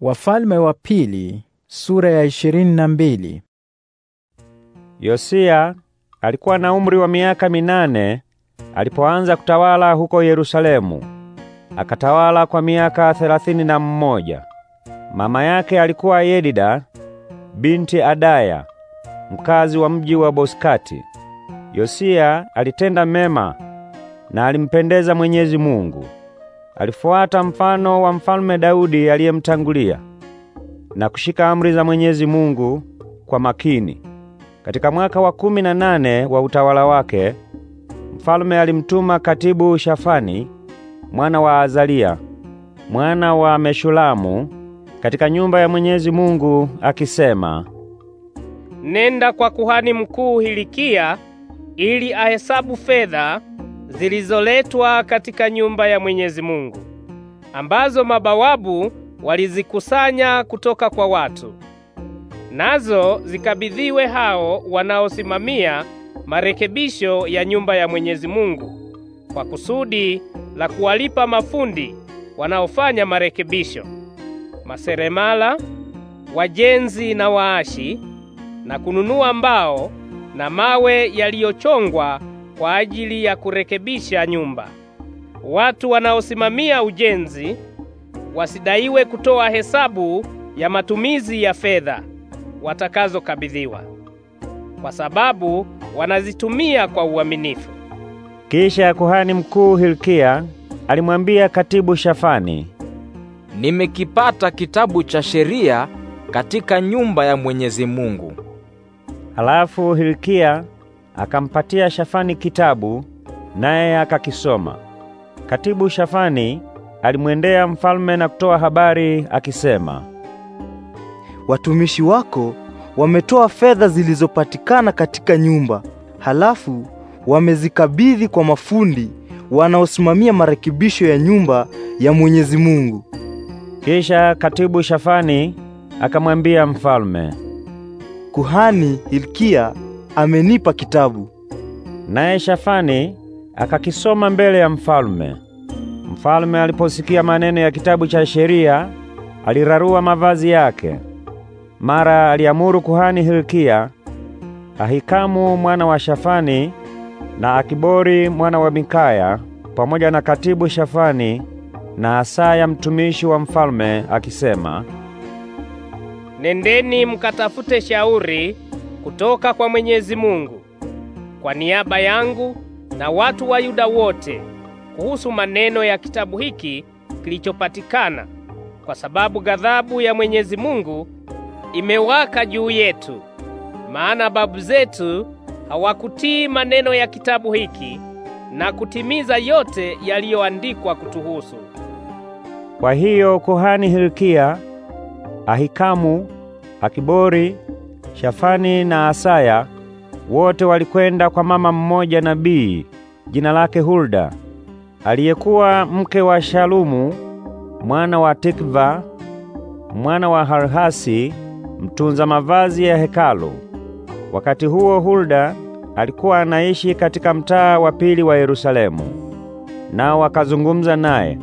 Wafalme wa Pili sura ya na mbili. Yosia alikuwa na umri wa miaka minane alipoanza kutawala huko Yerusalemu. Akatawala kwa miaka thelathini na mmoja. Mama yake alikuwa Yedida binti Adaya, mkazi wa mji wa Boskati. Yosia alitenda mema na alimpendeza Mwenyezi Mungu alifuata mfano wa mfalme Daudi aliyemtangulia na kushika amri za Mwenyezi Mungu kwa makini. Katika mwaka wa kumi na nane wa utawala wake, mfalme alimtuma katibu Shafani mwana wa Azalia mwana wa Meshulamu katika nyumba ya Mwenyezi Mungu akisema, nenda kwa kuhani mkuu Hilikia ili ahesabu fedha zilizoletwa katika nyumba ya Mwenyezi Mungu ambazo mabawabu walizikusanya kutoka kwa watu, nazo zikabidhiwe hao wanaosimamia marekebisho ya nyumba ya Mwenyezi Mungu kwa kusudi la kuwalipa mafundi wanaofanya marekebisho, maseremala, wajenzi na waashi, na kununua mbao na mawe yaliyochongwa kwa ajili ya kurekebisha nyumba. Watu wanaosimamia ujenzi wasidaiwe kutoa hesabu ya matumizi ya fedha watakazokabidhiwa, kwa sababu wanazitumia kwa uaminifu. Kisha kuhani mkuu Hilkia alimwambia katibu Shafani, nimekipata kitabu cha sheria katika nyumba ya Mwenyezi Mungu. Halafu Hilkia Akampatia Shafani kitabu naye akakisoma. Katibu Shafani alimwendea mfalme na kutoa habari akisema, watumishi wako wametoa fedha zilizopatikana katika nyumba, halafu wamezikabidhi kwa mafundi wanaosimamia marekebisho ya nyumba ya Mwenyezi Mungu. Kisha katibu Shafani akamwambia mfalme, kuhani Hilkia amenipa kitabu. Naye Shafani akakisoma mbele ya mfalme. Mfalme aliposikia maneno ya kitabu cha sheria, alirarua mavazi yake. Mara aliamuru kuhani Hilkia, Ahikamu mwana wa Shafani na Akibori mwana wa Mikaya pamoja na katibu Shafani na Asaya mtumishi wa mfalme akisema, Nendeni mkatafute shauri kutoka kwa Mwenyezi Mungu kwa niaba yangu na watu wa Yuda wote kuhusu maneno ya kitabu hiki kilichopatikana, kwa sababu ghadhabu ya Mwenyezi Mungu imewaka juu yetu, maana babu zetu hawakutii maneno ya kitabu hiki na kutimiza yote yaliyoandikwa kutuhusu. Kwa hiyo kuhani Hilkia, Ahikamu, Akibori Shafani na Asaya wote walikwenda kwa mama mmoja nabii jina lake Hulda aliyekuwa mke wa Shalumu mwana wa Tikva mwana wa Harhasi mtunza mavazi ya hekalu. Wakati huo Hulda alikuwa anaishi katika mtaa wa pili wa Yerusalemu. Nao wakazungumza naye,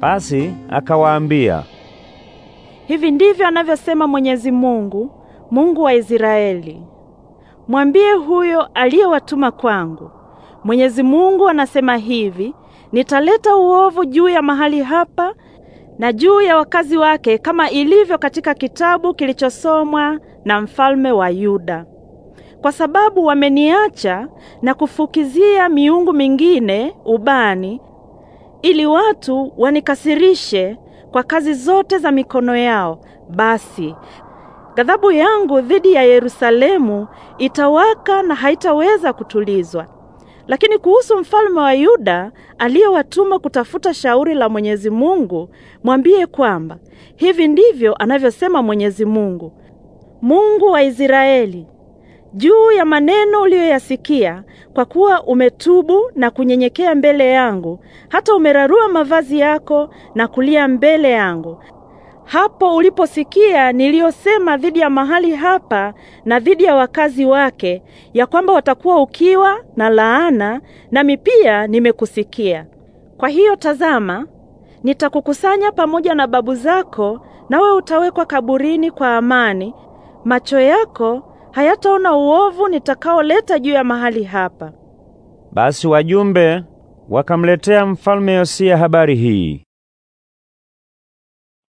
basi akawaambia, hivi ndivyo anavyosema Mwenyezi Mungu Mungu wa Israeli, mwambie huyo aliyewatuma kwangu, Mwenyezi Mungu anasema hivi, nitaleta uovu juu ya mahali hapa na juu ya wakazi wake kama ilivyo katika kitabu kilichosomwa na mfalme wa Yuda, kwa sababu wameniacha na kufukizia miungu mingine ubani, ili watu wanikasirishe kwa kazi zote za mikono yao. Basi Ghadhabu yangu dhidi ya Yerusalemu itawaka na haitaweza kutulizwa. Lakini kuhusu mfalme wa Yuda aliyewatuma kutafuta shauri la Mwenyezi Mungu, mwambie kwamba hivi ndivyo anavyosema Mwenyezi Mungu, Mungu wa Israeli, juu ya maneno uliyoyasikia, kwa kuwa umetubu na kunyenyekea mbele yangu, hata umerarua mavazi yako na kulia mbele yangu hapo uliposikia niliyosema dhidi ya mahali hapa na dhidi ya wakazi wake, ya kwamba watakuwa ukiwa na laana, nami pia nimekusikia. Kwa hiyo tazama, nitakukusanya pamoja na babu zako, nawe utawekwa kaburini kwa amani. Macho yako hayataona uovu nitakaoleta juu ya mahali hapa. Basi wajumbe wakamletea mfalme Yosia habari hii.